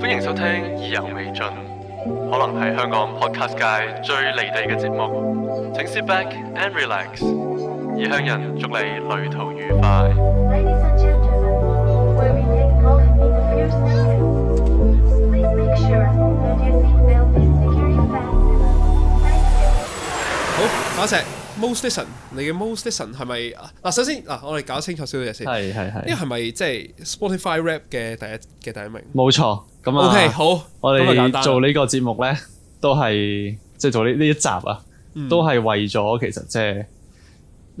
歡迎收聽，意猶未盡，可能係香港 podcast 界最離地嘅節目，請 sit back and relax。異鄉人祝你旅途愉快。好，阿石，most listen，你嘅 most listen 係咪？嗱，首先，嗱，我哋搞清楚少少嘢先。係係係。呢個係咪即係 Spotify rap 嘅第一嘅第一名？冇錯。咁、啊、k、okay, 好，我哋做個節呢個節目咧，都係即係做呢呢一集啊，嗯、都係為咗其實即係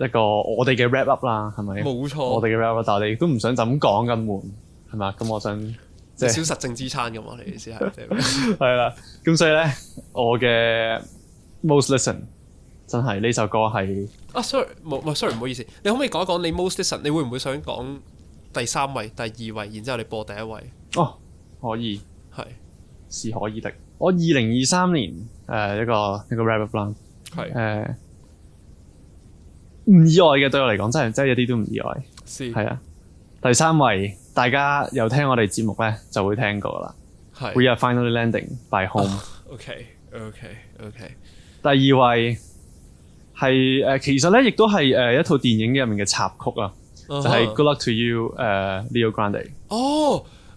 一個我哋嘅 wrap up 啦，係咪？冇錯，我哋嘅 wrap up，但係我都唔想就咁講咁悶，係嘛？咁我想即係少實證支撐咁我哋意思係，係啦。咁所以咧，我嘅 Most Listen 真係呢首歌係啊，sorry，冇，唔 sorry，唔好意思，你可唔可以講一講你 Most Listen？你會唔會想講第三位、第二位，然之後你播第一位？哦。可以，係是可以的。我二零二三年誒、呃、一個一個 rap 嘅 b l a n 係誒唔意外嘅，對我嚟講真係真係一啲都唔意外。係是啊，第三位大家有聽我哋節目咧就會聽過啦。是 We are finally landing by home。OK，OK，OK。第二位係誒、呃、其實咧亦都係誒、呃、一套電影入面嘅插曲啊，uh huh. 就係 Good luck to you，誒、uh, Leo Grande。哦、oh.。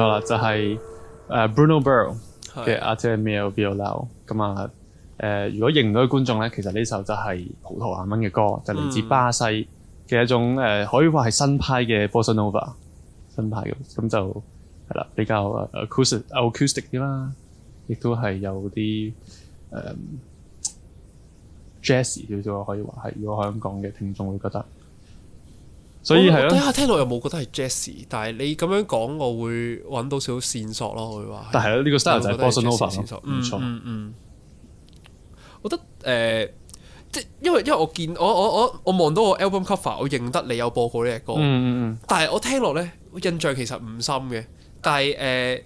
係啦， 就係誒 Bruno Bar 嘅阿姐 Mel Bileau 咁啊誒、呃、如果認到嘅觀眾咧，其實呢首就係葡萄牙文嘅歌，嗯、就嚟自巴西嘅一種誒、呃、可以話係新派嘅 bossanova 新派嘅，咁就係啦、嗯，比較 acoustic 啲啦，亦、啊、都係有啲誒 jazz 少少，嗯、可以話係如果香港嘅聽眾會覺得。所以係咯、啊，我睇下聽落又冇覺得係 Jessie，但係你咁樣講，我會揾到少少線索咯。我會話，但係呢個 style 就係 Jessie 嘅線索，唔錯錯、嗯。嗯，嗯我覺得誒，即、呃、係因為因為我見我我我我望到個 album cover，我認得你有播過呢首歌。嗯嗯但係我聽落咧印象其實唔深嘅，但係誒、呃、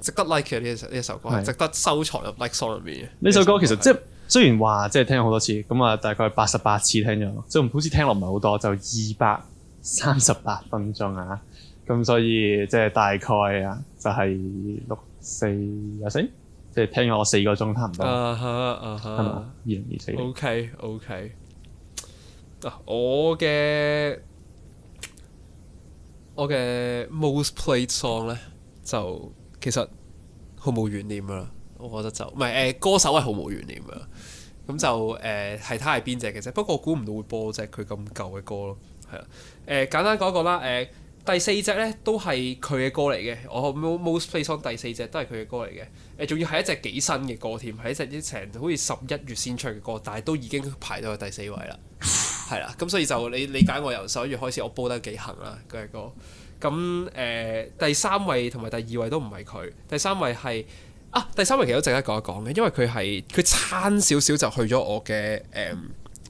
值得 like 嘅呢一呢一首歌係是值得收藏入 like song 入面嘅。呢首歌其實即、就、係、是、是雖然話即係聽咗好多次，咁啊大概八十八次聽咗，即唔好似聽落唔係好多，就二百。三十八分鐘啊，咁所以即係、就是、大概啊，就係六四廿四，即係聽咗我四個鐘差唔多。啊哈啊哈，二零二四。O K O K，我嘅我嘅 most played song 咧，就其實毫無懸念啦。我覺得就唔係誒歌手係毫無懸念啦。咁就誒係睇下係邊隻嘅啫。不過估唔到會播隻佢咁舊嘅歌咯。係啦，誒、嗯、簡單講一講啦，誒、嗯、第四隻呢都係佢嘅歌嚟嘅，我 most play song 第四隻都係佢嘅歌嚟嘅，仲、嗯、要係一隻幾新嘅歌添，係一隻一成好似十一月先出嘅歌，但係都已經排到去第四位啦，係、嗯、啦，咁、嗯、所以就你理解我由十一月開始我煲得幾恆啦佢嘅歌，咁、嗯、誒、嗯嗯、第三位同埋第二位都唔係佢，第三位係啊第三位其實都值得講一講嘅，因為佢係佢差少少就去咗我嘅誒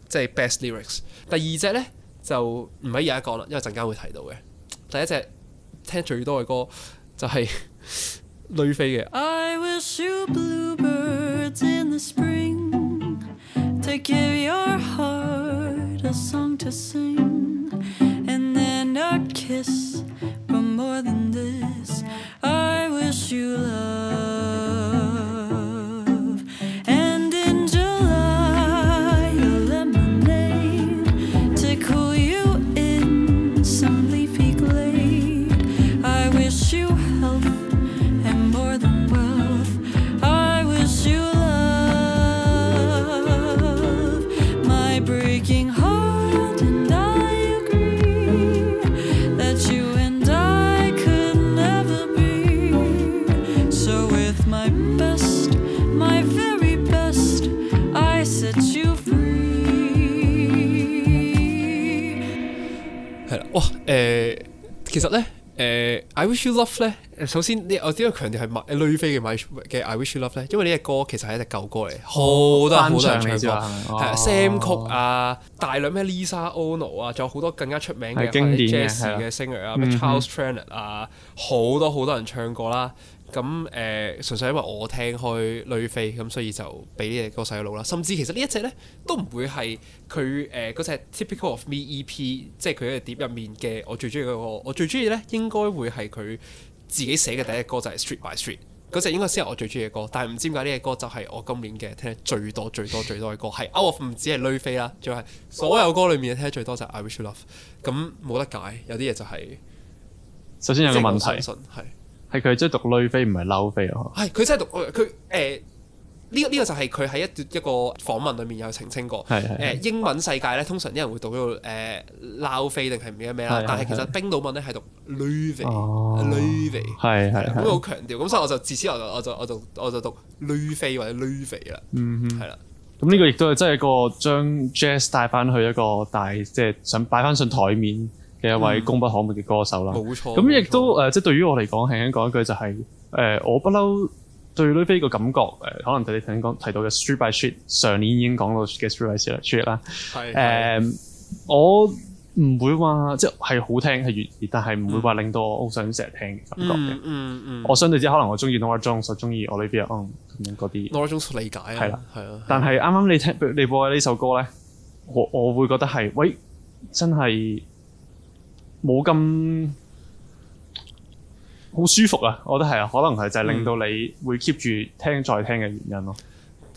即係 best lyrics，第二隻呢？就唔喺而家講啦，因為陣間會提到嘅。第一隻聽最多嘅歌就係 Laufey 嘅 I wish you 哇，誒、呃，其實咧，誒、呃、I wish you love 咧，首先呢，我點解強調係麥女飛嘅麥嘅 I wish you love 咧，因為呢隻歌其實係一隻舊歌嚟，好多好多人唱過，係 Sam 曲啊，大量咩 Lisa Ono 啊，仲有好多更加出名嘅 Jazz 嘅 singer 啊吧，Charles Trenet 啊，好多好多人唱過啦。咁誒、嗯，純粹因為我聽開女飛，咁所以就俾呢隻歌洗腦啦。甚至其實一呢一隻呢都唔會係佢誒嗰、呃、隻 typical of me EP，即係佢嘅碟入面嘅我最中意嗰個。我最中意呢應該會係佢自己寫嘅第一隻歌就係、是、Street by Street 嗰隻，應該先係我最中意嘅歌。但係唔知點解呢隻歌就係我今年嘅聽得最多最多最多嘅歌，係 out of 唔止係女飛啦，仲係所有歌裏面聽得最多就係 I Wish You Love。咁冇得解，有啲嘢就係、是、首先有個問題。係佢即係讀女飛唔係撈飛咯，係佢、哎、真係讀佢誒呢個呢、這個就係佢喺一一個訪問裏面有澄清過，係係、呃、英文世界咧，通常啲人會讀到誒撈飛定係唔記得咩啦，呃、是是是但係其實冰島文咧係讀女飛，女飛係係，咁好強調，咁所以我就自此我就我就我就我就讀女飛或者 l o u 女飛啦，嗯哼，係啦，咁呢、嗯嗯嗯、個亦都係真係一個將 jazz 帶翻去一個大即係、就是、想擺翻上台面嘅一位功不可沒嘅歌手啦，冇、嗯、錯咁亦、嗯、都誒、呃，即係對於我嚟講，輕輕講一句就係、是、誒、呃，我不嬲對 Lil Baby 個感覺誒、呃，可能你頭先提到嘅 Street by Street，上年已經講到嘅 Street by Street 啦、啊，出力是是、呃、我唔會話即係好聽係粵語，但係唔會話令到我好想成日聽感覺嘅、嗯。嗯嗯我相對之可能我中意 Nod Jones 所 s 中意我 Lil Baby 咁樣嗰啲 Nod Jones 理解係啦係啦，了但係啱啱你聽你播嘅呢首歌咧，我我，我會覺得係喂真係。真冇咁好舒服啊，我覺得係啊，可能係就係令到你會 keep 住聽再聽嘅原因咯、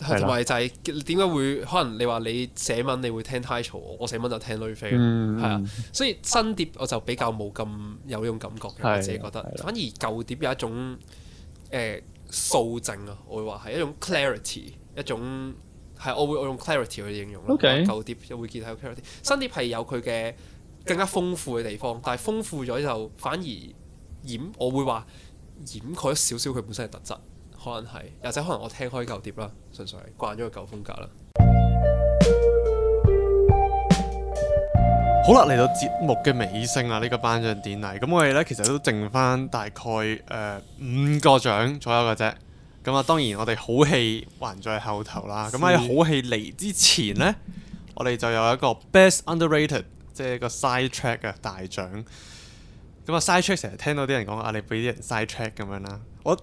啊。係同埋就係點解會可能你話你寫文你會聽 title，我寫文就聽女飛。嗯，係啊，所以新碟我就比較冇咁有，有種感覺嘅，啊、我自己覺得。啊啊、反而舊碟有一種誒素淨啊，我會話係一種 clarity，一種係、啊、我會我用 clarity 去形容啦。OK，舊碟會見到有 clarity，新碟係有佢嘅。更加豐富嘅地方，但係豐富咗就反而掩，我會話掩蓋少少佢本身嘅特質，可能係又或者可能我聽開舊碟啦，純粹係慣咗個舊風格啦。好啦，嚟到節目嘅尾聲啦！呢、這個頒獎典禮，咁我哋呢，其實都剩翻大概誒、呃、五個獎左右嘅啫。咁啊，當然我哋好戲還在後頭啦。咁喺好戲嚟之前呢，是我哋就有一個 Best Underrated。即係個 side track 啊，大獎咁啊，side track 成日聽到啲人講啊，你俾啲人 side track 咁樣啦。我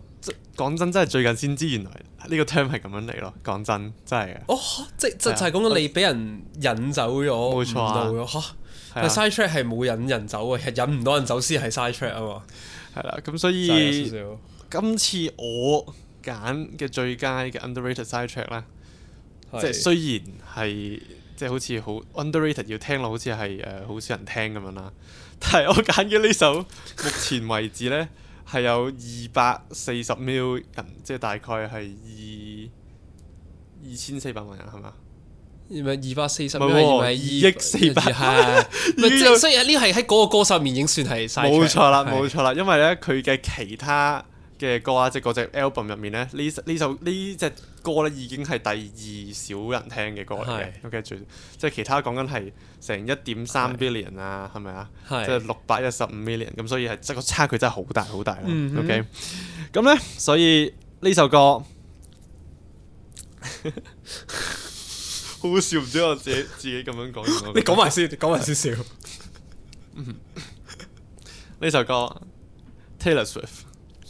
講真，真，真係最近先知原來呢個 term 係咁樣嚟咯。講真，真係啊。哦，即係、啊、就就係講你俾人引走咗，冇錯啊。嚇，啊啊、但係 side track 係冇引人走嘅，係引唔到人走先係 side track 啊嘛。係啦、啊，咁所以少少今次我揀嘅最佳嘅 underrated side track 啦、啊，即係雖然係。即係好似好 underrated 要聽落好似係誒好少人聽咁樣啦，但係我揀嘅呢首，目前為止呢係 有二百四十 million 人，即係大概係二二千四百萬人係嘛？二百四十 million 二億四百？唔 即係所以呢，係喺嗰個歌手面已經算係冇錯啦，冇錯啦，因為呢佢嘅其他。嘅歌啊，即係嗰隻 album 入面咧，呢呢首呢隻歌咧已經係第二少人聽嘅歌嚟嘅。是 OK 最即係其他講緊係成一點三 billion 啊，係咪啊？即係六百一十五 million，咁所以係即係個差距真係好大好大。大嗯、哼 OK 咁咧，所以呢首歌好 好笑唔知我自己 自己咁樣講完你講埋先，講埋先笑。呢 首歌 Taylor Swift。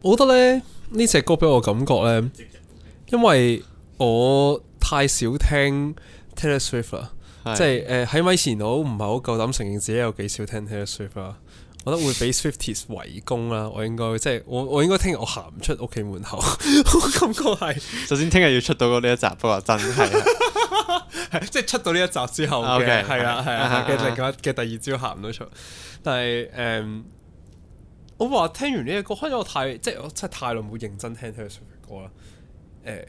我覺得呢呢隻歌俾我感覺呢，因為我太少聽 Taylor Swift 啦，即係誒喺咪前我唔係好夠膽承認自己有幾少聽 Taylor Swift 啊，我覺得會俾 Swifties 圍攻啦，我應該即係我我應該聽日我行唔出屋企門口，我感覺係首先聽日要出到呢一集，不過真係，即係出到呢一集之後，係啊係啊，嘅第二朝行唔到出，但係誒。我話聽完呢隻歌，開咗我太即係我真係太耐冇認真聽 Taylor Swift 嘅歌啦。誒、呃，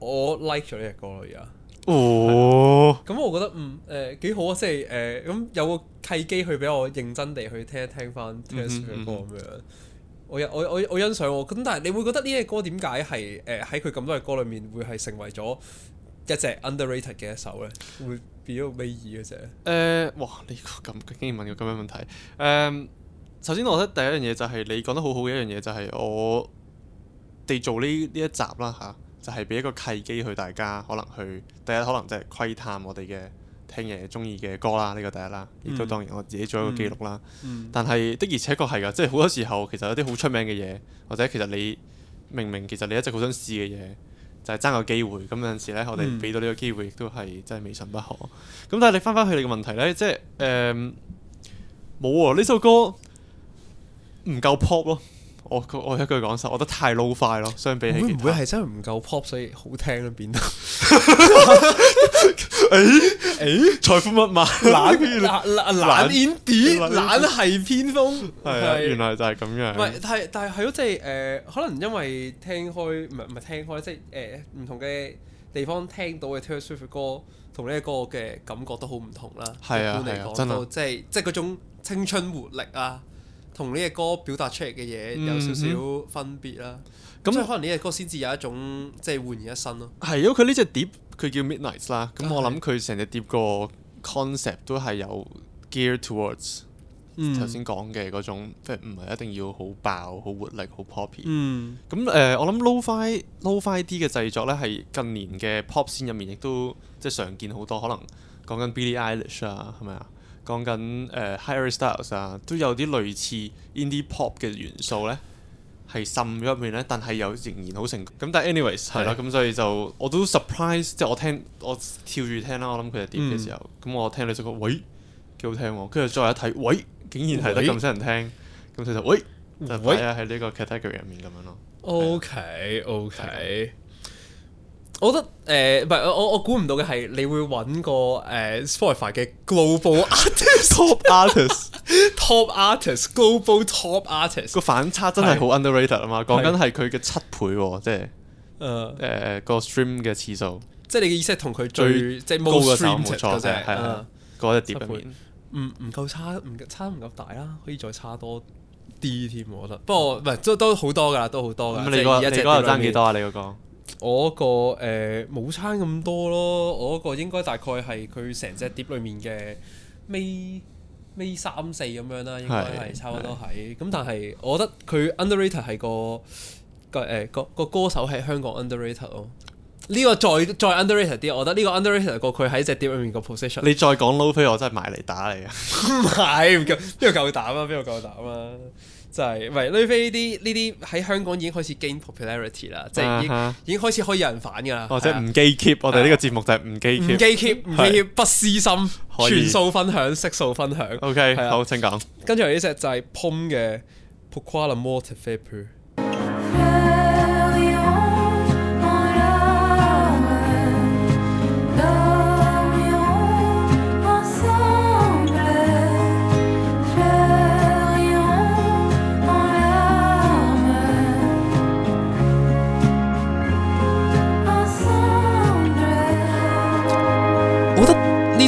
我 like 咗呢隻歌咯，而家。哦。咁我覺得嗯誒、呃、幾好啊，即係誒咁有個契機去俾我認真地去聽一聽翻 Taylor Swift 嘅歌咁、嗯嗯嗯、樣。我我我我欣賞我，咁但係你會覺得呢隻歌點解係誒喺佢咁多嘅歌裏面會係成為咗一隻 underrated 嘅一首咧？會變咗尾二嗰隻咧？誒、呃，哇！呢、這個咁竟然問過咁樣問題誒。嗯首先，我覺得第一樣嘢就係你講得好好嘅一樣嘢，就係我哋做呢呢一集啦嚇、啊，就係、是、俾一個契機去大家可能去第一可能就係窺探我哋嘅聽嘢中意嘅歌啦，呢、這個第一啦，亦都當然我自己做一個記錄啦。嗯嗯、但係的而且確係噶，即係好多時候其實有啲好出名嘅嘢，或者其實你明明其實你一直好想試嘅嘢，就係、是、爭個機會。咁有陣時呢，我哋俾到呢個機會，亦都係真係未嘗不可。咁但係你翻返去你嘅問題呢，即係誒冇喎呢首歌。唔夠 pop 咯，我我一句講實，我覺得太 low 快咯，相比起其他，唔會係真係唔夠 pop，所以好聽咯、啊，變得、 哎。誒誒、哎，財富密碼？懶懶懶係偏鋒。係、啊、原來就係咁樣。唔係，但係但係係咯，即係誒，可能因為聽開唔唔係聽開，即係誒，唔、呃、同嘅地方聽到嘅 Taylor Swift 歌同呢個嘅感覺都好唔同啦。係啊，啊真係，即係即係嗰種青春活力啊！同呢隻歌表達出嚟嘅嘢有少少分別啦，咁你、嗯、哼可能呢隻歌先至有一種即係煥然一新咯。係因為佢呢隻碟佢叫 Midnights 啦，咁、嗯、哼我諗佢成隻碟個 concept 都係有 gear towards 頭先講嘅嗰種，即係唔係一定要好爆、好活力、好 poppy。咁誒、嗯呃，我諗 Lo-Fi、Fi, Lo-Fi 啲嘅製作咧，係近年嘅 pop scene 入面亦都即係常見好多，可能講緊 Billie Eilish 啊，係咪啊？講緊誒 Harry Styles 啊，都有啲類似 indie pop 嘅元素咧，係滲咗入面咧，但係又仍然好成功。咁的。但係 anyways 係啦，咁所以就我都 surprise，即係我聽我跳住聽啦，我諗佢係點嘅時候，咁、嗯、我聽你，就講喂幾好聽喎，跟住再一睇喂，竟然係得咁多人聽，咁其喂就：喂「喂就擺喺呢個 category 入面咁樣咯。OK、嗯、OK。我覺得誒，唔係我我估唔到嘅係你會揾個誒 Spotify 嘅 global artist，top artist，top artist，global top artist。個反差真係好 underrated 啊嘛！講緊係佢嘅七倍喎，即係誒誒個 stream 嘅次數。即係你嘅意思係同佢最即係高嘅時候，冇錯嗰隻碟面唔唔夠差，唔差唔夠大啦，可以再差多啲添。我覺得，不過唔係都都好多㗎，都好多㗎。咁你個你個爭幾多啊？你嗰個？我嗰個誒冇差咁多咯，我嗰個應該大概係佢成隻碟裡面嘅尾尾三四咁樣啦，應該係差唔多係。咁但係我覺得佢 underrated 係個個誒個個歌手係香港 underrated 咯。呢個再再 underrated 啲，我覺得呢個 underrated 過佢喺隻碟裡面個 position。你再講撈飛，我真係埋嚟打你啊！ 唔係，邊個夠膽啊？邊個夠膽啊？就係喂呢啲呢啲喺香港已經開始 gain popularity 啦，即係已經開始可以有人反㗎啦。哦，即係唔 gatekeep，我哋呢個節目就係唔 gatekeep。唔 gatekeep，唔 gatekeep，不私心，全數分享，悉數分享。OK，好，請講。跟住呢隻就係 Pom 嘅 Poculum Mortiferum。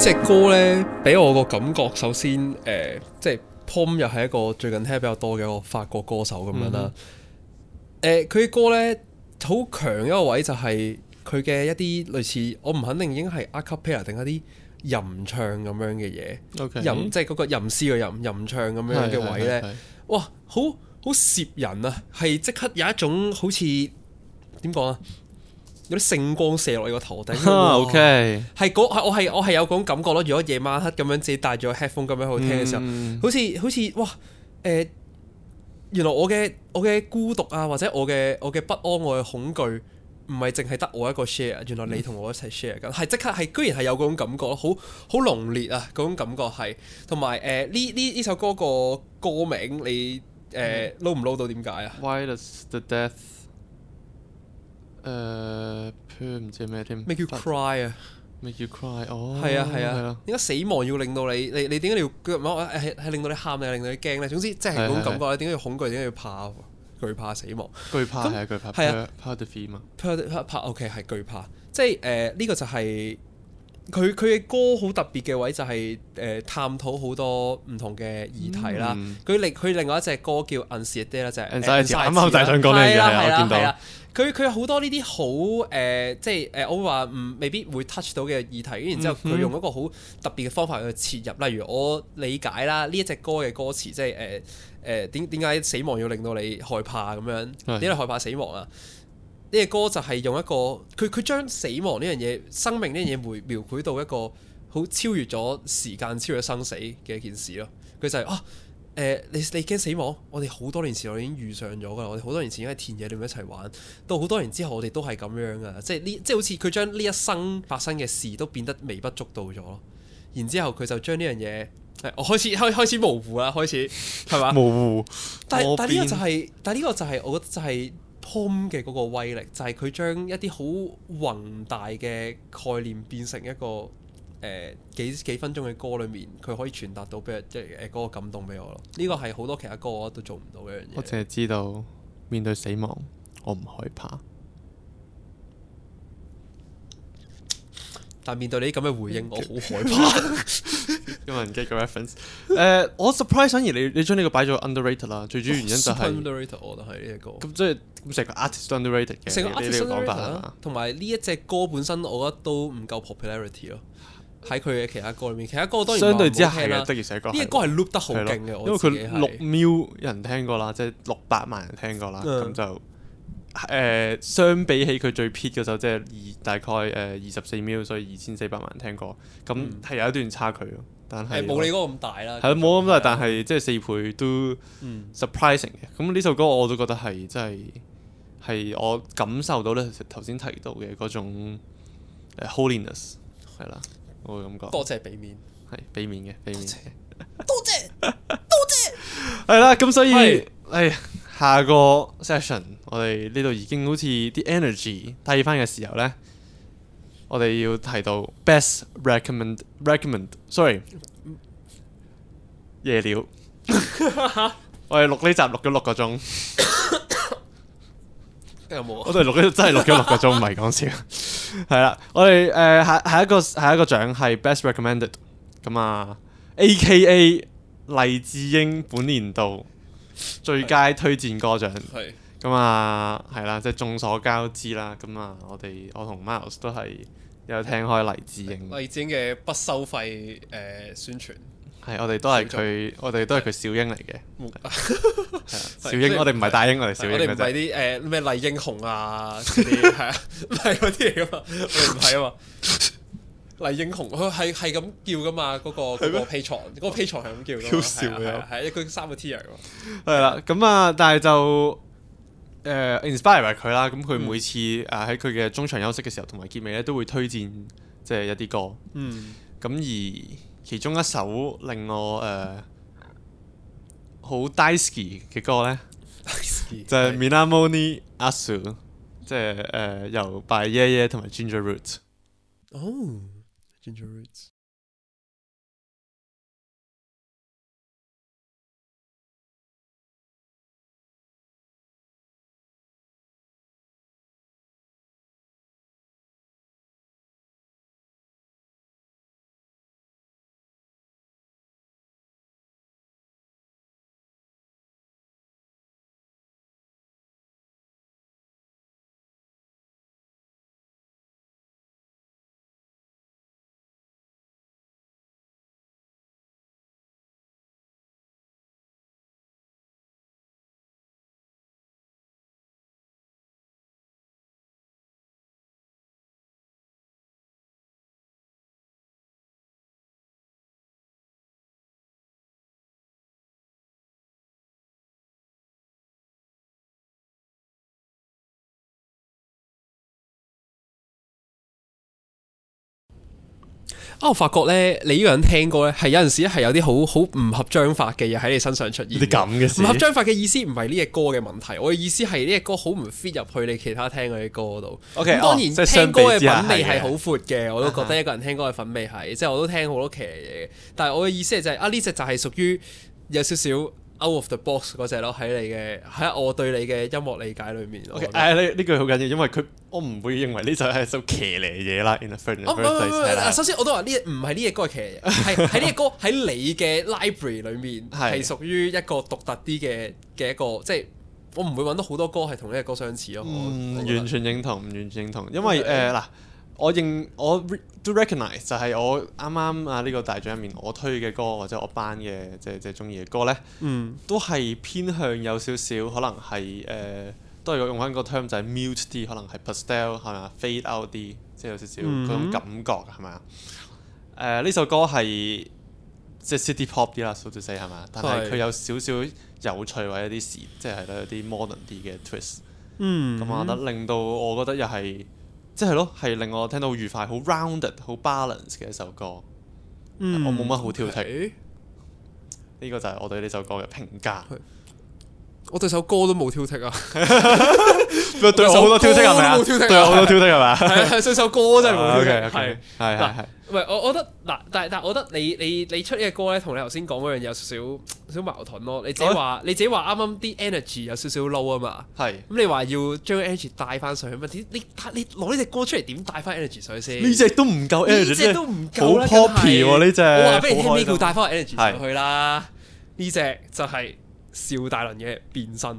隻歌呢，俾我個感覺，首先誒、呃，即係 Pom 又係一個最近聽比較多嘅一個法國歌手咁樣啦。佢嘅、嗯呃、歌呢，好強一個位就係佢嘅一啲類似，我唔肯定應該係 acapella 定一啲吟唱咁樣嘅嘢。吟 Okay, 吟即係嗰個吟詩嘅吟吟唱咁樣嘅位呢。是是是是哇，好好攝人啊！係即刻有一種好似點講啊？有啲聖光射落你個頭頂。Oh, OK，係嗰我係我係有嗰種感覺咯。如果夜晚黑咁樣自己戴住個 headphone 咁樣去聽嘅時候，嗯、好似好似哇誒、呃，原來我嘅我嘅孤獨啊，或者我嘅我嘅不安，我嘅恐懼，唔係淨係得我一個 share。原來你同我一齊 share 緊，係即、嗯、刻係，居然係有嗰種感覺咯，好好濃烈啊！嗰種感覺係，同埋誒呢呢呢首歌個歌名你誒、呃、撈唔撈到點解啊？誒，唔、uh, 知咩添？咩叫 you cry, But, cry.、Oh, 啊？咩叫 cry？哦，係啊係啊，點解、啊、死亡要令到你？你你點解你要腳唔係？係令到你喊定，令到你驚咧。總之即係嗰種感覺咧。點解要恐懼？點解要怕？懼怕死亡，懼怕係懼怕，係啊。part the OK 係懼怕，即係誒呢個就係、是。呃這個就是佢佢嘅歌好特別嘅位就係、是、誒、呃、探討好多唔同嘅議題啦。佢、嗯、另佢另外一隻歌叫《暗視爹》就是、剛剛啦，啦啦呃、就係啱啱就係想講呢嘢？係啊，見到佢佢有好多呢啲好誒即係誒我會話唔未必會 touch 到嘅議題。然之後佢用一個好特別嘅方法去切入。嗯、哼例如我理解啦呢一隻歌嘅歌詞、就是，即係誒誒點點解死亡要令到你害怕咁樣？點解害怕死亡啊？呢個歌就係用一個佢佢將死亡呢樣嘢、生命呢樣嘢描描繪到一個好超越咗時間、超越生死嘅一件事咯。佢就係、是、啊、呃、你你驚死亡？我哋好多年前我已經遇上咗㗎啦，我哋好多年前喺田野度一齊玩，到好多年之後我哋都係咁樣㗎。即係呢即係好似佢將呢一生發生嘅事都變得微不足道咗。然之後佢就將呢樣嘢我開始開始開始模糊啦，開始係嘛模糊？但係邊但係呢個就係、是、但係呢個就係我覺得就係、是。Pop 嘅嗰個威力就係佢將一啲好宏大嘅概念變成一個誒、呃、幾幾分鐘嘅歌裏面，佢可以傳達到俾即係嗰個感動俾我咯。呢個係好多其他歌我都做唔到嘅樣嘢。我淨係知道面對死亡我唔害怕，但面對你啲咁嘅回應我好害怕。 因為唔記得個 reference。誒、嗯，我 surprise、uh, 反而你你將呢個擺咗 underrated 啦。最主要原因就係、是哦、underrated，我就係呢隻歌。咁即係，咁成個 artist underrated 嘅。成個 artist 呢個講法啊。同埋呢一隻歌本身，我覺得都唔夠 popularity 咯。喺佢嘅其他歌裏面，其他歌當然,然相對之係啦，得意死歌。呢一歌係 loop 得好勁嘅，因為佢六秒人聽過啦，即係六百萬人聽過啦。咁就誒，相比起佢最 hit 嗰時候，即係二大概誒二十四秒，所以二千四百萬人聽過，咁係、嗯呃、有一段差距咯。但係冇你嗰個咁大啦，係啊，冇咁大，啊、但係即係四倍都 surprising 嘅、嗯。咁呢首歌我都覺得係真係係我感受到咧，頭先提到嘅嗰種 holiness 係啦，我嘅感覺。多謝俾面，係俾面嘅，俾面。多謝多謝，係啦。 咁所以，係是、哎、下個 session 我哋呢度已經好似啲 energy 低翻嘅時候咧。我哋要提到 best recommend，recommend，sorry，夜了，我哋錄呢集錄咗六個鐘，有冇？我哋錄咗真係錄咗六個鐘，唔係講笑。係啦，我哋誒下下一個下一個獎係 best recommended 咁啊，A K A 黎智英本年度最佳推薦歌獎。的咁啊，係啦，即係眾所交知啦。咁啊，我哋我同 Miles 都係有聽開黎智英，黎智英嘅不收費誒宣傳。係，我哋都係佢，我哋都係佢小英嚟嘅。小英，我哋唔係大英，我哋小英。我哋唔係啲誒咩黎英雄啊嗰啲，係啊，係嗰啲嚟噶嘛，我哋唔係啊嘛。黎英雄，佢係係咁叫噶嘛，嗰個嗰個 Patreon，嗰個 Patreon 係咁叫。超少嘅，係一句三個 tier 係啦，咁啊，但係就。誒 inspire 埋佢啦，咁佢每次誒喺佢嘅中場休息嘅時候同埋結尾咧，都會推薦即係、就是、一啲歌。咁、mm. 而其中一首令我誒好大好き嘅歌呢， 就係 Minamoni Asu 即係誒由 by 耶耶同埋 ginger roots。哦，ginger roots。我發覺咧，你呢個人聽歌咧，係有陣時係有啲好好唔合章法嘅嘢喺你身上出現。啲咁嘅事唔合章法嘅意思，唔係呢隻歌嘅問題。我嘅意思係呢隻歌好唔 fit 入去你其他聽嘅啲歌度。OK，、嗯、當然、哦、聽歌嘅品味係好闊嘅，哦、我都覺得一個人聽歌嘅品味係即係我都聽好多騎呢嘢嘅。但係我嘅意思係、啊、就係啊呢隻就係屬於有少少。Out of the box 嗰隻咯，喺你嘅喺我對你嘅音樂理解裏面。誒呢呢句好緊要，因為佢我唔會認為呢首係一首騎呢嘢啦。In the first place 唔首先我都話呢唔係呢隻歌係騎嘢，係喺呢隻歌喺你嘅 library 裏面係 屬於一個獨特啲嘅嘅一個，即係我唔會搵到好多歌係同呢隻歌相似咯。唔、嗯、完全認同，唔完全認同，因為誒嗱。 呃我認我都 recognize 就係我啱啱啊呢個大獎入面我推嘅歌或者我班嘅即係即係中意嘅歌咧，嗯、都係偏向有少少可能係誒、呃，都係用翻個 term 就係 muted 可能係 pastel 係咪 fade out 啲，即係有少少嗰種感覺係咪？誒呢、嗯呃、首歌係即係 city pop 啲啦，so to say 係咪？但係佢有少少有趣或者啲事，即係咧有啲 modern 啲嘅 twist，咁我覺得令到我覺得又係。即係咯，係令我聽到愉快、好 rounded、好 balance 嘅一首歌。嗯啊、我冇乜好挑剔。呢 Okay? 個就係我對呢首歌嘅評價。我對首歌都冇挑剔啊。 對我好多挑剔係咪啊？對我好多挑剔係咪啊？係係，唱首歌真係冇挑剔。係係係。唔係我我覺得嗱，但係但係我覺得你你你出呢隻歌咧，同你頭先講嗰樣有少少少矛盾咯。你自己話你自己話啱啱啲 energy 有少少 low 啊嘛。係。咁你話要將 energy 帶翻上去，點你你攞呢隻歌出嚟點帶翻 energy 上去先？呢隻都唔夠 energy，呢隻都唔夠啦。好 poppie 喎呢隻。我話不如聽呢句帶翻 energy 上去啦。呢隻就係邵大輪嘅變身。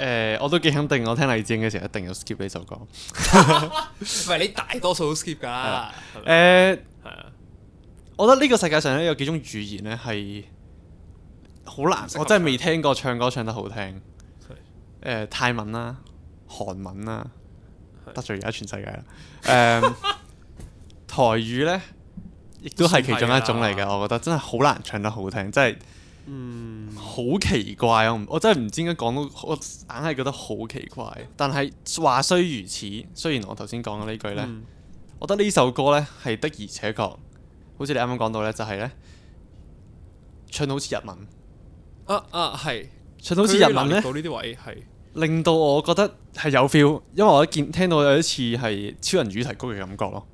誒，我都幾肯定，我聽李志英嘅時候一定有 skip 呢首歌。唔係，你大多數都 skip 㗎。誒，我覺得呢個世界上咧有幾種語言咧係好難，我真係未聽過唱歌唱得好聽。誒，泰文啦、韓文啦，得罪而家全世界啦。誒，台語咧亦都係其中一種嚟嘅。我覺得真係好難唱得好聽，真係。好奇怪，我我真係唔知點解講到我硬係覺得好奇怪，但係話雖如此，雖然我頭先講咗呢句呢，嗯、我覺得呢首歌呢係的而且確，好似你啱啱講到呢，就係呢唱到好似日文，啊啊係唱到好似日文呢，到呢啲位係令到我覺得係有 feel，因為我一見聽到有一次係超人主題曲嘅感覺咯，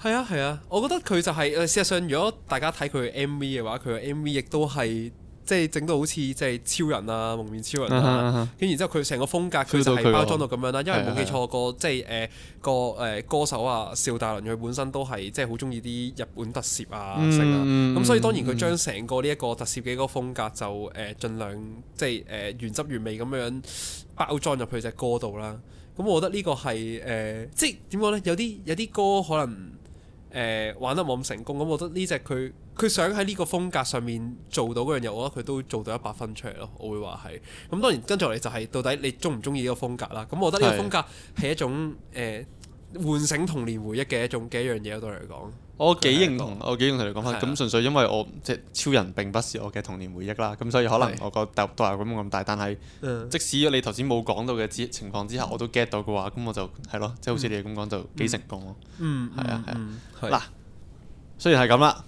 係啊係啊，我覺得佢就係、是、事實上如果大家睇佢 M V 嘅話，佢嘅 M V 亦都係。即係整到好似即係超人啊，蒙面超人啊，跟住、uh huh. 然之後佢成個風格佢感到 就係包裝到咁樣啦。因為冇記錯個即係誒個誒歌手啊，邵大麟佢本身都係即係好中意啲日本特攝啊咁、啊啊、所以當然佢將成個呢一個特攝嘅嗰個風格就誒盡、呃、量即係誒、呃、原汁原味咁樣包裝入去隻歌度啦。咁、啊嗯、我覺得呢個係誒、呃、即係點講呢？有啲有啲歌可能。誒、呃、玩得冇咁成功咁，嗯，我覺得呢隻佢佢想喺呢個風格上面做到嗰樣嘢，我覺得佢都做到一百分出嚟咯。我會話係咁，當然跟住落嚟就係、是、到底你中唔中意呢個風格啦。咁、嗯、我覺得呢個風格係一種誒是的、呃、喚醒童年回憶嘅一種嘅一樣嘢，我對嚟講。我幾認同，我幾認同你講翻。咁純粹因為我即係超人並不是我嘅童年回憶啦，咁所以可能我個投入度冇咁大。但係即使你頭先冇講到嘅之情況之下，我都 get 到嘅話，咁我就係咯，即係好似你咁講就幾成功咯。嗯，係啊，係啊。嗱，雖然係咁啦，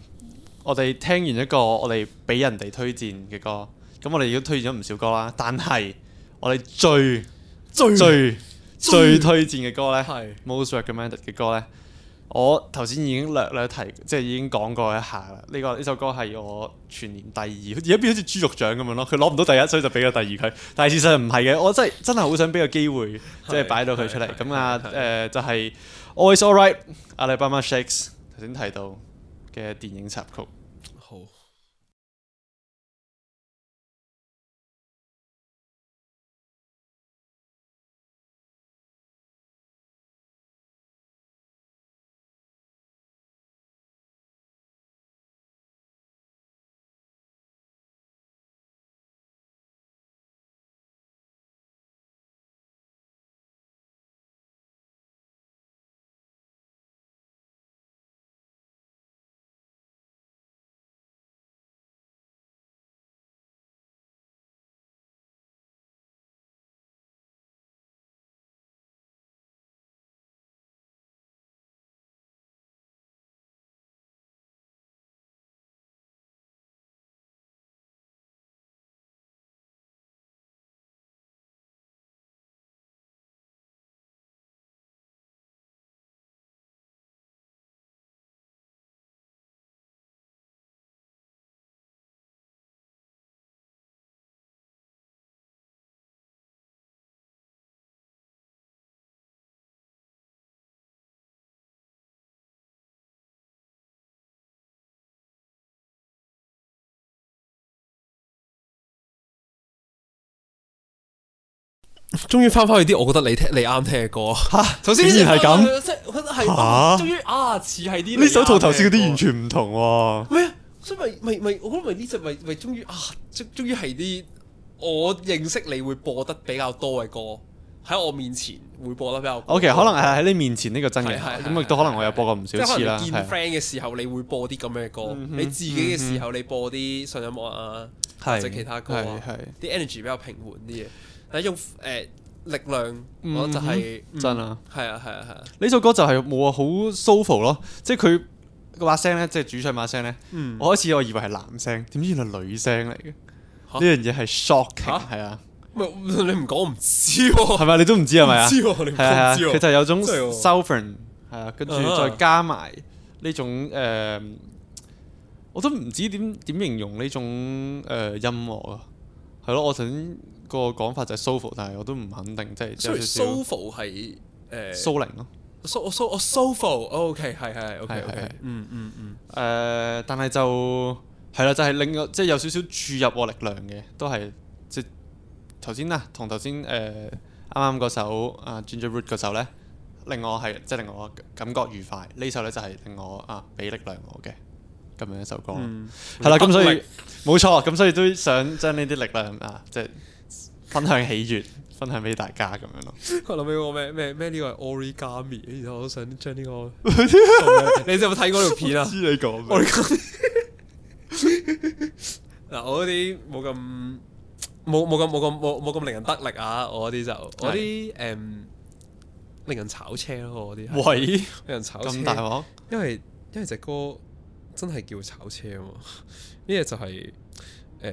我哋聽完一個我哋俾人哋推薦嘅歌，咁我哋已經推薦咗唔少歌啦。但係我哋最最最最推薦嘅歌呢係 most recommended 嘅歌呢。我頭先已經略略提，即係已經講過一下啦。呢、這個呢首歌係我全年第二，而家變好似豬肉獎咁樣咯。佢攞唔到第一，所以就俾咗第二佢。但係事實唔係嘅，我真係真係好想俾個機會，即係 擺到佢出嚟。咁啊誒，就係、是、Always Alright，阿拉巴馬 Shakes 頭先提到嘅電影插曲。終於翻翻去啲，我覺得你聽你啱聽嘅歌吓，竟然係咁吓，終於啊似係啲呢首套頭先嗰啲完全唔同喎，咩啊？所以咪咪咪，我覺得咪呢隻咪咪終於啊，終終於係啲我認識你會播得比較多嘅歌喺我面前會播得比較多 O K，可能係喺你面前呢個真嘅，咁亦都可能我有播過唔少次啦。見 friend 嘅時候你會播啲咁嘅歌，你自己嘅時候你播啲上音樂啊，即係其他歌啊，係啲 energy 比較平緩啲嘅。第一種、呃、力量，嗯、哼我就係真啦，係啊係啊係啊！呢首、嗯啊啊、歌就係冇啊，好 soulful 咯，即係佢個把聲咧，即係主唱把聲咧，我開始我以為係男聲，點知原來女聲嚟嘅呢樣嘢係 shocking 係啊！你唔講我唔知喎，係咪你都唔知係咪啊？係係、啊，佢就係有種 sovereign 係啊，跟住再加埋呢種誒，uh, 我都唔知點點形容呢種誒、uh, 音樂啊，係咯，我想。個講法就係 s o 但係我都唔肯定，即係有少少。s o 係誒蘇寧咯，so 我、uh、so 我、啊、s o o k 係係 O，K，嗯嗯嗯。誒、okay, um, um, um, 呃，但係就係啦，就係、是、令我即係、就是、有少少注入我力量嘅，都係即係頭先啦，同頭先誒啱啱嗰首啊《Ginger Root》嗰首咧，令我係即係令我感覺愉快。呢首咧就係令我啊俾力量我嘅咁樣一首歌，係、嗯、啦。咁所以冇北美 錯，咁 所以都想將呢啲力量啊，即係。分享喜悅，分享俾大家咁樣咯。佢諗 起我咩咩咩呢個係 Origami，然後我都想將呢、這個， 你知有冇睇過條片啊？知你講咩。嗱，我嗰啲冇咁冇冇咁冇咁冇冇咁令人得力啊！我嗰啲就是我啲誒、嗯，令人炒車咯、啊！我啲，喂，令人炒車咁大鑊，因為因為隻歌真係叫炒車啊嘛！呢 嘢就係、是、誒。呃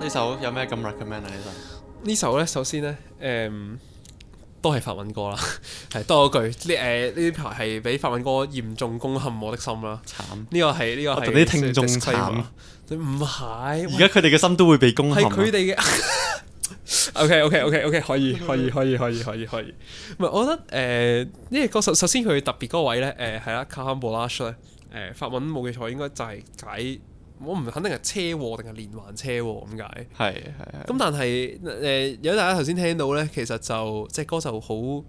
呢首有咩咁 recommend 啊？呢首呢，首先呢，誒、嗯，都係法文歌啦，係多句，呢誒呢排係俾法文歌嚴重攻陷我的心啦，慘慘！呢個係呢、這個係啲聽眾慘慘，唔係是。而家佢哋嘅心都會被攻陷，係佢哋嘅。 OK OK OK OK，可以可以可以可以可以可以。唔係， 我覺得誒呢個首首先佢特別嗰位呢，誒係啦，Camouflage 咧，法文冇記錯應該就係解。我唔肯定係車禍定係連環車禍咁解。係係。咁但係誒，有、呃、大家頭先聽到咧，其實就隻歌就好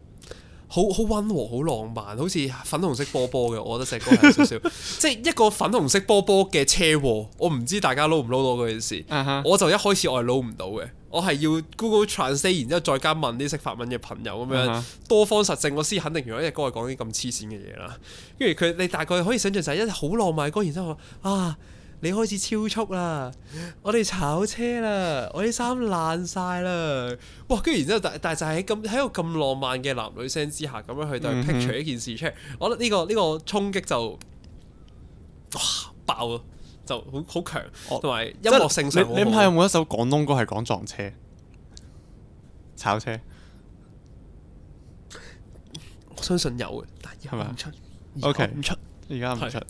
好好溫和、好浪漫，好似粉紅色波波嘅。 我覺得隻歌係少少， 即係一個粉紅色波波嘅車禍。我唔知大家撈唔撈到嗰件事。Uh huh. 我就一開始我係撈唔到嘅，我係要 Google Translate，然之後再加問啲識法文嘅朋友咁樣、uh huh. 多方實證，我先肯定如果一隻歌係講啲咁黐線嘅嘢啦。跟住佢，你大概可以想象就係一好浪漫嘅歌，然之後我啊～啊你開始超速啦！我哋炒車啦！我啲衫爛晒啦！哇！跟住然之後，但但就係喺咁喺個咁浪漫嘅男女聲之下，咁樣去對 picture 一件事出嚟。我覺得呢、這個呢、這個衝擊就哇爆咯，就好好強，同埋音樂性上、哦。你你唔係有冇一首廣東歌係講撞車、炒車？我相信有嘅，但而家唔出。O K，而家唔出。Okay,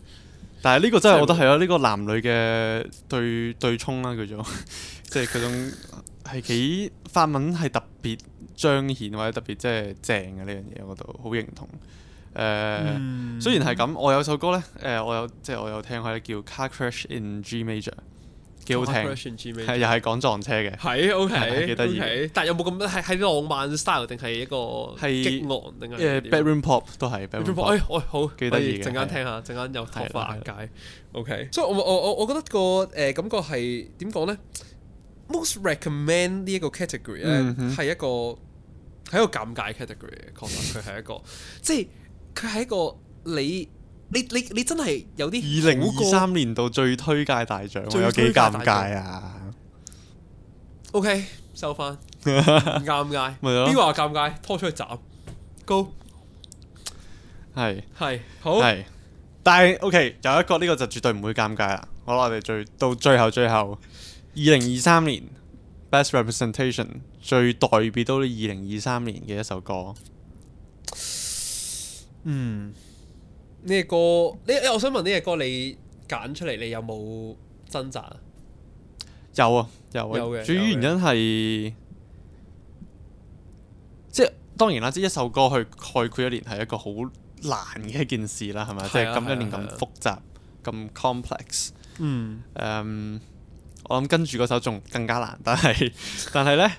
但係呢個真係，我覺得係咯，呢個男女嘅對對沖啦、啊，叫做， 即係嗰種係幾法文係特別彰顯或者特別即係正嘅呢樣嘢，我覺得好認同。誒、uh, 嗯，雖然係咁，我有首歌呢，誒、呃，我有即係我有聽開叫《Car Crash in G Major》。幾好聽，係又係講撞車嘅，係 OK，幾得意。但係有冇咁？係喺浪漫 style 定係一個係激樂定係誒？Bedroom pop 都係 Bedroom pop，誒喂，好幾得意嘅。陣間聽下，陣間又拓發解 o k，所以我我我我覺得個誒感覺係點講咧？Most recommend 呢一個 category 咧係一個喺一個尷尬 category。嘅確實佢係一個，即係佢喺一個你。你你你真係有啲好歌，二零二三年度最推介大獎，有幾尷尬啊？O、okay, K，收翻，尷 尬咪咯。邊話尷尬？拖出去斬，Go，係係是是好。係，但係 O K，有一個呢、呢個就絕對唔會尷尬啦。好，我哋最到最後最後，二零二三年 Best Representation 最代表到二零二三年嘅一首歌，嗯。呢個歌，呢，我想問呢個歌，你揀出嚟，你有冇掙扎啊？有啊，有嘅。有嘅，主要原因係，即係當然啦，即係一首歌去概括一年係一個好難嘅一件事啦，係咪？啊、即係咁一年咁複雜，咁 complex，啊。嗯。我諗跟住嗰首仲更加難，但係，但係呢，誒、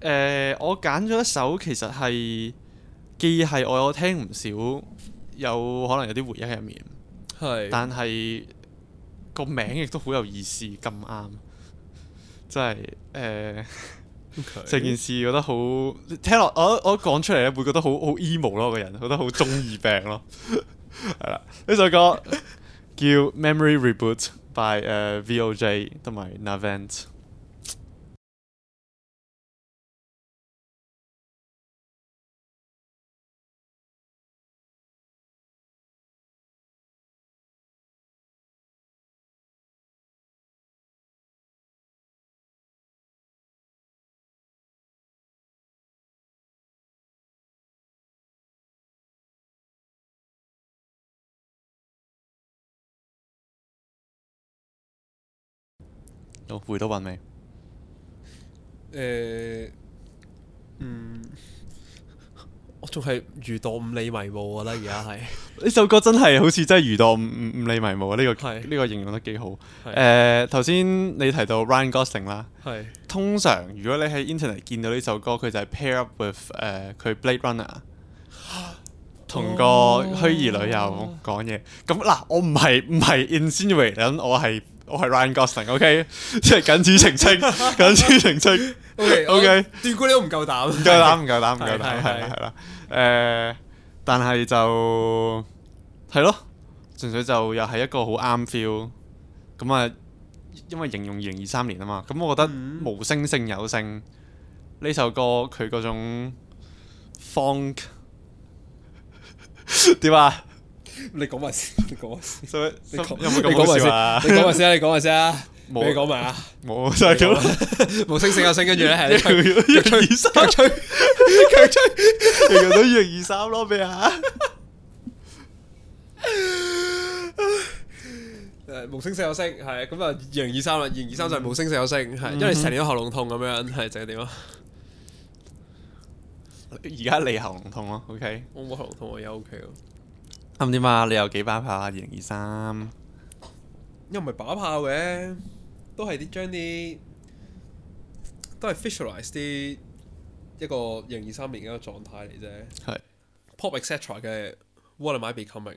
呃，我揀咗一首，其實係，既係我有聽唔少。有可能有啲回憶喺入面，的但係個名亦都好有意思，咁啱，真係誒、成件事覺得好聽落，我我講出嚟咧會覺得好好 emo 咯，個人覺得好中二病咯，係啦， 呢首歌 叫《Memory Reboot》by 誒、uh, Voj 同埋 Navant。有回到雲未？誒、呃，嗯，我仲係如墜五里迷霧啊！咧，而家係呢首歌真係好似真係如墜五五五里迷霧啊！呢、這個呢是個形容得幾好。誒是，頭先、呃、你提到 Ryan Gosling 啦，係是通常如果你喺 Internet 見到呢首歌，佢就係 pair up with 誒、uh, 佢 Blade Runner，同 個虛擬女友講嘢。咁嗱、哦啊，我唔係唔係 insinuate，我係。我係 Ryan Gosling，OK，即係僅此澄清，僅此澄清，OK，OK。斷估你都唔夠膽，唔夠膽，唔夠膽，唔夠膽，係啦，係啦。誒，但係就係咯，純粹就又係一個好啱 feel。咁啊，因為形容二零二三年啊嘛，咁我覺得無聲勝有聲呢首歌佢嗰種 funk，點呀？你講埋先，你講埋先，所以你有冇咁好笑啊！你講埋先，你講埋先啊！俾你講埋啊！冇，真係冇，冇聲勝有聲，跟住咧係一、二、三，一、二、三，一、二、三，一、二、三咯，俾下。誒，冇聲勝有聲，係咁啊，二零二三啦，二零二三就冇聲勝有聲，係，因為成年都喉嚨痛咁樣，係，仲係點啊？而家你喉嚨痛咯，OK，我冇喉嚨痛，我而家 OK 咯。暗點啊！你有幾把炮？二零二三，又唔係把炮嘅，都係啲將啲，都係 visualize 啲一個二零二三年嘅一個狀態嚟啫。係是。Pop etcetera 嘅 What Am I Becoming？I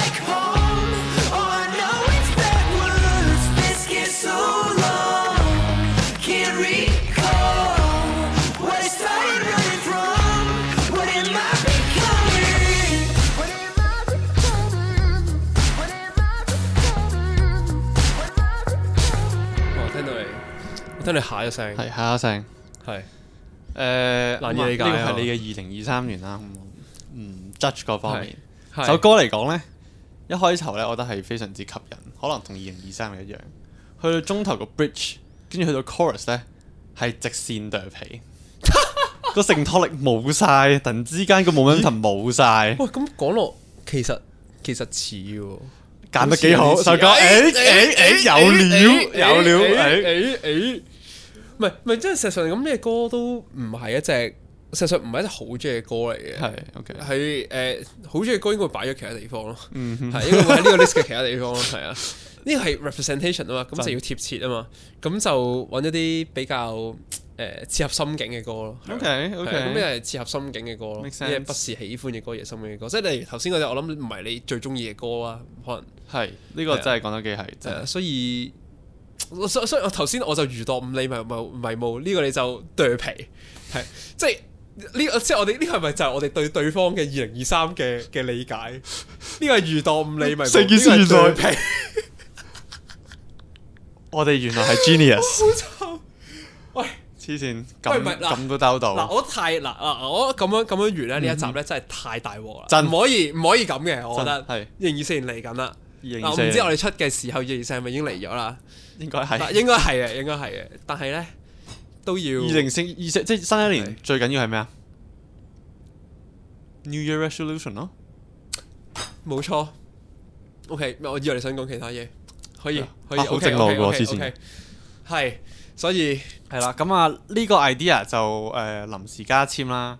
跟住下一聲，係下一聲，係誒是，難以理解。呢個係你嘅二零二三年啦，嗯，Judge 嗰方面，首歌嚟講咧，一開頭咧，我覺得係非常之吸引，可能同二零二三年一樣，去到中頭個 Bridge，跟住去到 Chorus 咧，係直線掉皮，個承托力冇晒，突然之間個 momentum 冇晒。喂，咁講落，其實其實似，揀得幾好首歌，誒誒誒，有料，有料，誒、欸、誒。欸欸欸欸欸欸唔係唔係，即係事實上咁，呢個歌都唔係一隻，事實上唔係一隻好中意嘅歌嚟嘅。係 OK，係誒、呃，好中意嘅歌應該擺咗其他地方咯。嗯哼，應該喺呢個 list 嘅其他地方咯。係 啊，呢個係 representation 啊嘛，咁就要貼切啊嘛。咁就揾一啲比較誒切、呃、合心境嘅歌咯。OK OK，咁呢啲係切合心境嘅歌咯，一啲 Makes sense. 不是喜歡嘅歌，而係心境嘅歌。即係例如頭先嗰啲，我諗唔係你最中意嘅歌啊。可能係呢、這個、啊、真係講得幾係、uh，所以。所所以，我頭先我就如墮五里，咪，係唔係冇呢個，你就對皮，係即係呢、這個，即係我哋呢個係咪就係我哋對對方嘅二零二三嘅嘅理解？呢個係如墮五里，咪成件事原來皮 醜？我哋原來係 genius。喂，黐線咁咁都兜到嗱，我太嗱啊！我咁樣咁樣完咧呢、嗯、一集咧，真係太大鑊啦！就唔的可以唔可以咁嘅，我覺得係二零二四年嚟緊啦。二零二四啊、我唔知我哋出嘅時候，二零二四係咪已經嚟咗啦？應該係，應該係嘅，應該係嘅。但係咧都要二零二四，即係新一年最緊要係咩啊？New Year Resolution 咯，冇錯。OK，我以為你想講其他嘢，可以，的可以，好正路喎，之前係、okay，所以係、呃、啦。咁啊，呢個 idea 就誒臨時加簽啦。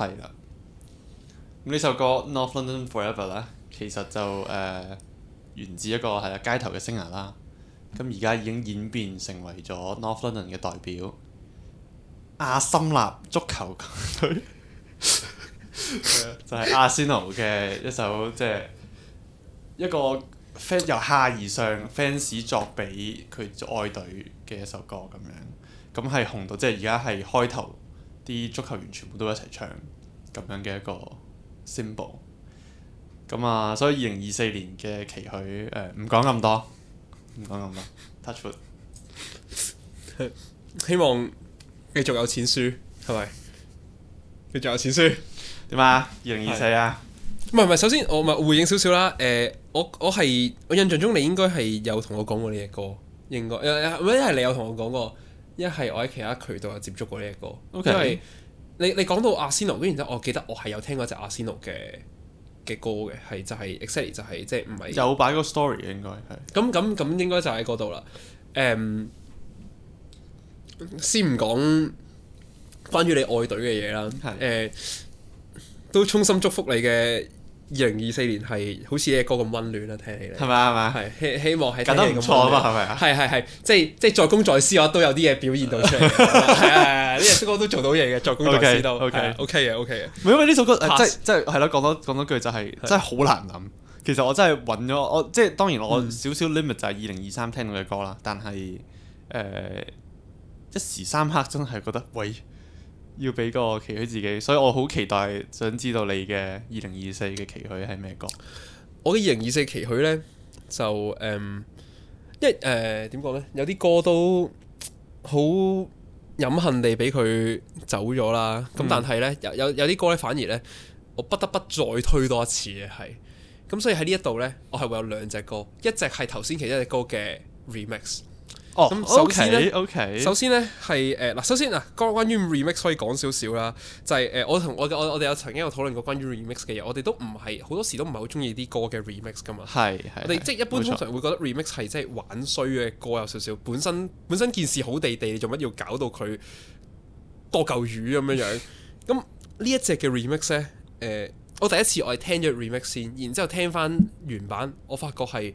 係啦。咁呢首歌《North London Forever》啦，其實就誒、呃、源自一個係啊街頭嘅聲樂啦。咁而家已經演變成為咗 North London 嘅代表。阿森納足球隊 就係、是、Arsenal 嘅一首即係 一個 fan 由下而上 fans 作俾佢愛隊嘅一首歌咁樣，咁係紅到即係而家係開頭。啲足球員全部都一齊唱咁樣嘅一個 symbol，咁啊，所以二零二四年嘅期許誒，唔講咁多，唔講咁多，touchwood，希望繼續有錢輸，係咪吧？繼續有錢輸點啊？二零二四啊，唔係唔係，首先我咪回應少少啦，誒、呃，我我係我印象中你應該係有同我講過呢隻歌，應該誒誒，或者係你有同我講過。一係我喺其他渠道有接觸過呢一個，Okay. 因為你你講到阿仙奴，然之後我記得我係有聽過隻阿仙奴嘅嘅歌嘅，係就係 exactly 就係、是、即係唔係有擺個 story 應該係。咁咁咁應該就喺嗰度啦。誒、um,，先唔講關於你愛隊嘅嘢啦。誒的，uh, 都衷心祝福你嘅。二零二四年係好似呢首歌咁温暖啦、啊，聽起嚟。係咪啊？係咪啊？係希希望係真係咁錯啊嘛？係咪啊？係係係，即係即係在公在私，我都有啲嘢表現到出嚟。係呢首歌都做到嘢嘅，在公在私都 OK OK 嘅 OK 嘅。唔、okay、係、okay、因為呢首歌，Pass. 即即係咯，講多講多句就係、是、的真係好難諗。其實我真係揾咗我，即係當然我少少 limit 就係二零二三聽到嘅歌啦。嗯、但係誒、呃，一時三刻真係覺得喂。要俾個期許自己，所以我好期待想知道你嘅二零二四嘅期許係咩歌？我嘅二零二四期許呢，就誒，因為點講呢？有啲歌都好飲恨地俾佢走咗啦。咁但係呢，嗯、有有啲歌呢，反而呢，我不得不再推多一次嘅係。咁所以喺呢一度呢，我係會有兩隻歌，一隻係頭先其一隻歌嘅 remix。哦，首先呢，ok，首先呢，係誒嗱，首先嗱關關於 remix 可以講少少啦，就係、是、呃，我同我我我哋有曾經有討論過關於 remix 嘅嘢。我哋都唔係好多時都唔係好中意啲歌嘅 remix 噶嘛，係我哋即係的一般錯通常會覺得 remix 係即係玩衰嘅歌有少少，本身本身件事好地地，你做乜要搞到佢多嚿魚咁樣樣？咁呢 一隻嘅 remix 呢，誒、呃，我第一次我係聽咗 remix 先，然之後聽翻原版，我發覺係。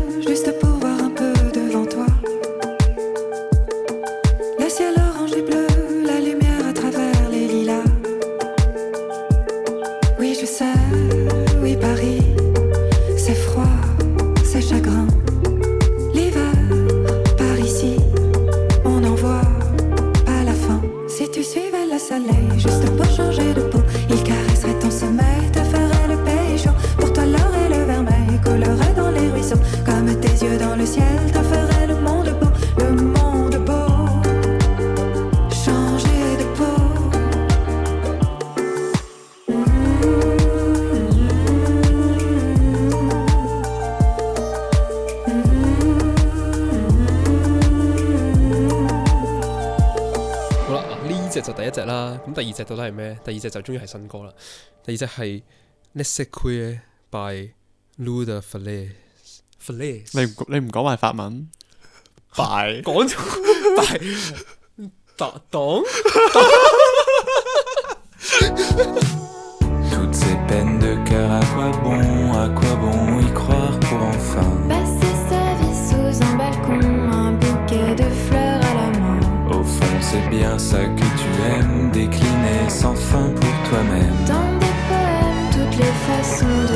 第二隻到底係咩？第二隻就終於係新歌啦。第二隻係《Let's Square》by Ludovice 弗雷，你你唔講埋法文？拜，講拜，擋擋。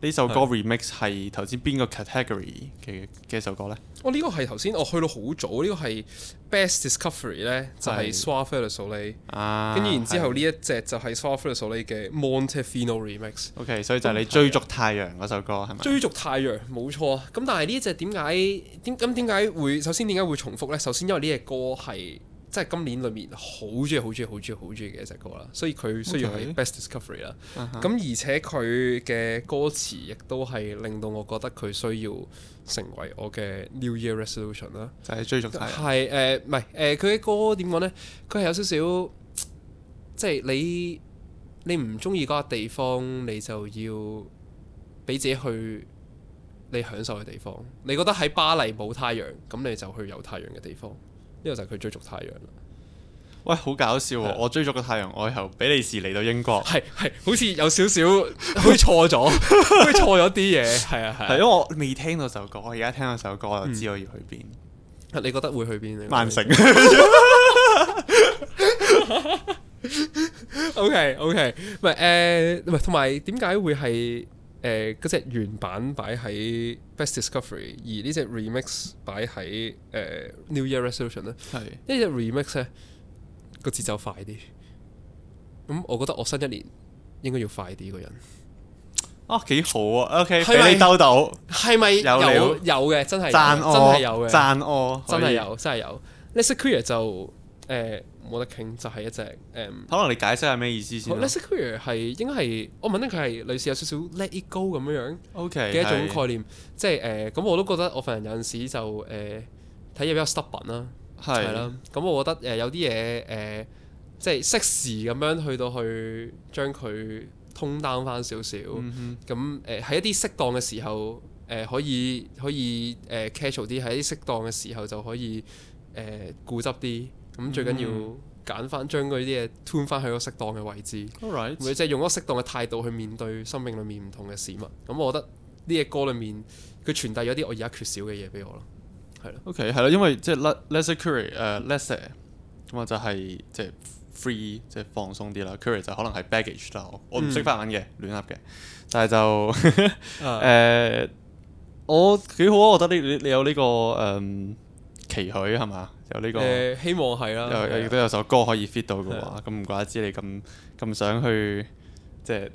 呢首歌 remix 係頭先邊個 category 嘅嘅一首歌呢？哦，呢、這個係頭先，我、哦、去到好早，呢、這個係 Best Discovery 呢是，就係 Swarvoszly。啊，跟住然之後呢一隻就係 Swarvoszly 嘅 Montefino Remix。OK，所以就係是就是你追逐太陽嗰首歌係咪？追逐太陽，冇錯。咁但係呢一隻點解點咁點解會首先點解會重複呢？首先因為呢隻歌係。即係今年裏面好中意、好中意、好中意、好中意嘅一隻歌啦，所以佢需要係 Best Discovery 啦、okay. uh。咁、huh. 而且佢嘅歌詞亦都係令到我覺得佢需要成為我嘅 New Year Resolution 啦。就係追逐係誒，唔係誒。佢、呃、嘅、呃、歌點講呢？佢係有少少即係你你唔中意嗰個地方，你就要俾自己去你享受嘅地方。你覺得喺巴黎冇太陽，咁你就去有太陽嘅地方。呢個就係佢追逐太陽啦。喂，好搞笑！的我追逐個太陽，我由比利時嚟到英國，係係，好似有少少追錯咗，追錯咗啲嘢，係啊係。係因為我未聽到首歌，我而家聽到首歌，我就知我要去邊、嗯。你覺得會去邊？曼城成。OK OK，係誒，同埋點解會係？嗰隻、呃、原版擺喺 Best Discovery，而呢隻 Remix 擺喺、呃、New Year Resolution 呢隻的 Remix 咧、啊、個節奏快啲。咁、嗯、我覺得我新一年應該要快啲個人。啊、哦、幾好啊 OK 俾你兜到。係咪有有嘅真係真係有嘅讚哦真係有真係有。Let's Clear 就、呃冇得傾就係一隻誒，um, 可能你解釋係咩意思先？Let it go 係應該係我問咧，佢係類似有少少 Let it go 咁樣 OK 嘅一種概念，即係誒咁我都覺得我份人有陣時就誒睇嘢比較 stubborn 是啦，係啦，咁我覺得誒、呃、有啲嘢誒即係適時咁樣去到去將佢 tone down 翻少少，咁誒喺一啲適當嘅時候誒、呃、可以可以誒 casual 啲，喺適當嘅時候就可以誒、呃、固執啲。咁最緊要揀翻將嗰啲嘢吞翻去個適當嘅位置，你即係用嗰個適當嘅態度去面對生命裏面唔同嘅事物。咁我覺得呢隻歌裏面佢傳遞咗啲我而家缺少嘅嘢俾我咯，係咯。OK，係咯，因為即係 less less curate 誒 less 咁就係即係 free 即係放鬆啲啦。curate 就可能係 baggage 啦。我唔識法文嘅亂噏嘅，但係就誒我幾好啊！我覺得你你有呢個誒期許係嘛？嗯有呢誒希望係啦，誒亦都有首歌可以 fit 到嘅喎，咁唔怪得知你咁咁想去即係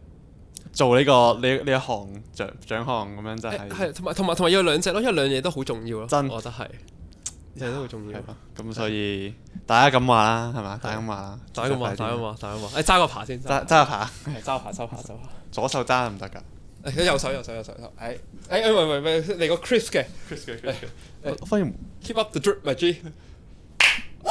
做呢個呢呢一行獎獎項咁樣就係。係同埋同埋同埋要兩隻咯，因為兩嘢都好重要咯，我覺得係，嘢都好重要。咁所以大家咁話啦，係嘛？大家咁話啦，大家咁話，大家咁話，誒揸個拍先，揸揸個拍，揸個拍，揸個拍，揸個拍，左手揸唔得㗎，右手右手右手，誒誒唔係唔係唔你個 Chris 嘅 Chris 嘅 Chris 我發現 keep up the drip，my G。